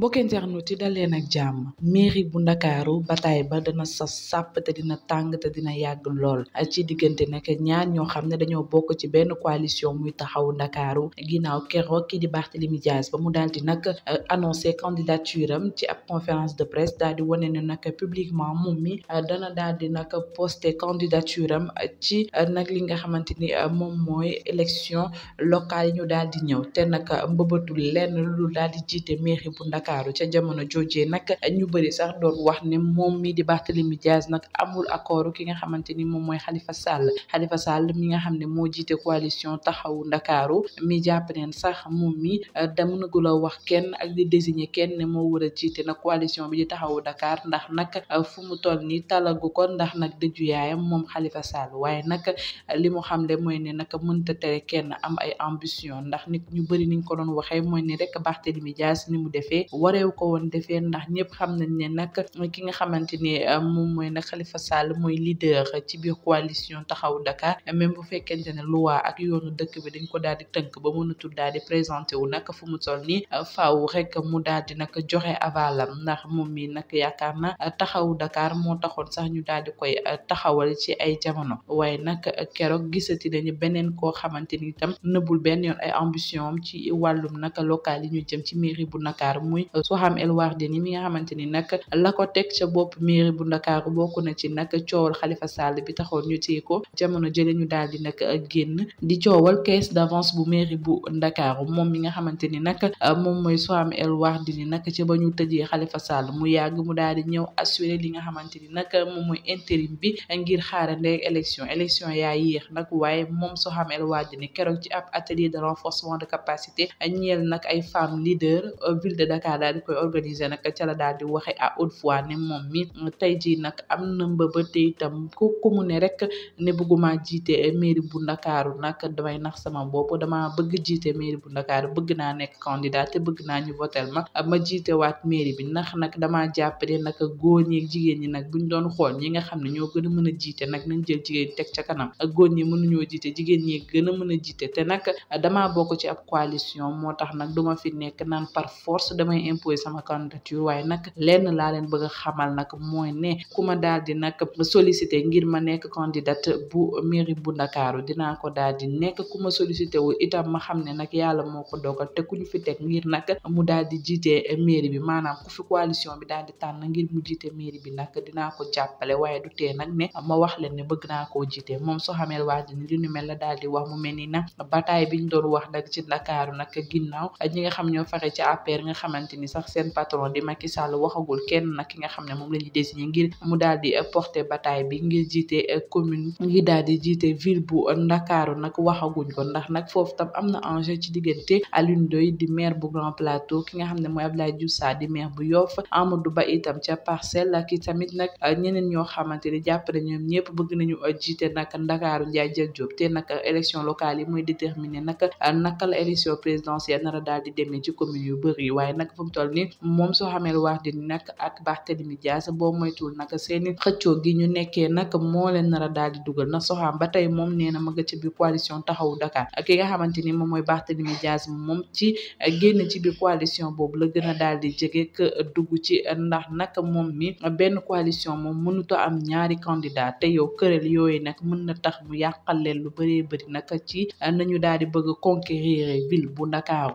mbokk internautes yi daleen ak jàmm mairie bu ndakaaru bataay ba dana sas sàpp te dina tàng te dina yàgg lool ci diggante nag ñaar ñoo xam ne dañoo bokk ci benn coalition muy taxawu ndakaaru ginnaaw keroog kii di baax Barthélemy Dias ba mu daal di nag euh, annoncé candidature am ci ab conférence de presse di wane ne nag publiquement moom mi euh, dana daal di nag posté candidature am ci euh, nag li nga xamante ni moom mooy élection locale yi ñu daal di ñëw te nag mbëbatul lenn lu daal di jiite mairie bu ndakaaru Ndakaaru ca jamono joojee nag ñu bëri sax doon wax ne moom mii di Barthélemy Dias nag amul accord ki nga xamante ni moom mooy Khalifa Sall Khalifa Sall mi nga xam ne moo jiite coalition taxawu Ndakaaru mi jàpp neen sax moom mi euh, damunagul a wax kenn ak di désigner kenn ne moo war a jiite nag coalition bi di taxawu Dakar ndax nag euh, fu mu toll nii talagu ko ndax nag dëju moom Khalifa Sall waaye nag euh, li mu xamle mooy ne tere kenn am ay ambition ndax nit ñu bëri niñ ko doon waxee mooy ni rek Barthélemy Dias ni mu defee wareew ko woon defee ndax ñëpp xam nañ ne nag ki nga xamante ni euh, moom mooy nag Khalifa Sall mooy leader ci biir coalition taxawu Dakar même bu fekkente ne loi ak yoonu dëkk bi dañ ko daal di tënk ba mënatul daal di présenté wu nag fu mu toll nii euh, faaw rek mu daal di nag joxe avalam ndax moom mi nag yaakaar na euh, taxaw Dakar moo taxoon sax ñu daal di koy taxawal ci ay jamono waaye nag keroog gisati nañu beneen koo xamante ni itam nëbbul benn yoon ay ambition ci wàllum nag local yi ñu jëm ci mairie bu Dakar muy soo Soham El Wardini mi nga xamante ni nag la ko teg ca bopp mairie bu Ndakaaru bokk na ci nag coowal Khalifa Sall bi taxoon ñu téye ko jamono jële ñu daal di nag génn di coowal caisse d'avance bu mairie bu Ndakaaru moom mi nga xamante ni nag moom mooy Soham El Wardini nag ca ba ñu tëjee Khalifa Sall mu yàgg mu daal di ñëw assuré li nga xamante ni nag moom mooy intérim bi ngir xaara xaarandee élection élection yaa yéex nag waaye moom soo Soham El Wardini keroog ci ab atelier de renforcement de capacité ñeel nag ay femmes leaders euh, ville de Dakar daal di koy organiser nag a la daal di waxe à haute voix moom mi tey jii nag am na mbëbëte itam ku ku mu ne rek ne bëgguma jiite mairie bu ndakaaru nag damay nax sama bopp dama bëgg jiite mairie bu ndakaaru bëgg naa nekk candidat te bëgg naa ñu votel ma ma jiite waat mairie bi nax nag dama jàppale nag góor ñi jigéen ñi nag buñ doon xool ñi nga xam ne ñoo gën a mën a jiite nag nañ jël jigéen teg ca kanam a góor ñi mënuñoo jiite jigéen ñi gën a mën a jiite te nag dama bokk ci ab coalition moo tax nag duma imposé sama candidature waaye nag lenn laa leen bëgg a xamal nag mooy ne ku ma daal di nag sollicité ngir bu mairie dinaa ko daal nekk ku ma sollicité wu ma xam ne nag yàlla moo ko dogal te fi teg ngir nag mu daal di jiite mairie bi maanaam ku fi coalition bi daal di tànn ngir mu jiite mairie bi nak dinaa ko jàppale waaye du tee ne ma wax leen ne bëgg naa jiite moom soo xamel waa ji ni la daal di wax mu mel ni nag bataille biñ doon wax nag ci Ndakaaru nag ginnaaw ñi nga xam ñoo faxe ci APR nga xamante xamante ni sax seen patron di Macky Sall waxagul kenn nag ki nga xam ne moom la ñuy désigné ngir mu daal di euh, porter bataille bi ngir jiite euh, commune ngir daal di jiite ville bu Ndakaaru nag waxaguñ ko ndax nag foofu tam am na enjeu ci diggante Alioune Ndoye di maire bu Grand Plateau ki nga xam ne mooy Abdoulaye Diouf saa di maire bu Yoff Amadou Ba itam ca Parcelles ak tamit nag euh, ñeneen ñoo xamante ni jàpp na ñoom ñëpp bëgg nañu jiite nag Ndakaaru Ndiaye Dieng Diop te nag élection locale yi mooy déterminer nag naka la élection présidentielle nara daal di demee ci commune yu bëri waaye nag fu mu toll moom soo xamee wax di nag ak Barthélemy Dias boo moytuwul nag seeni xëccoo gi ñu nekkee nag moo leen nar a daal di dugal na soxaam ba tey moom nee na ma nga ci biir coalition taxawu Dakar ki nga xamante ni moom mooy Barthélemy Dias moom ci génn ci biir coalition boobu la gën a daal di jege dugg ci ndax nag moom mi benn coalition moom mënuta am ñaari candidat te yow këral yooyu nag mën na tax mu yàqal leen lu bëree bëri nag ci nañu daal di bëgg a conquérir ville bu Ndakaaru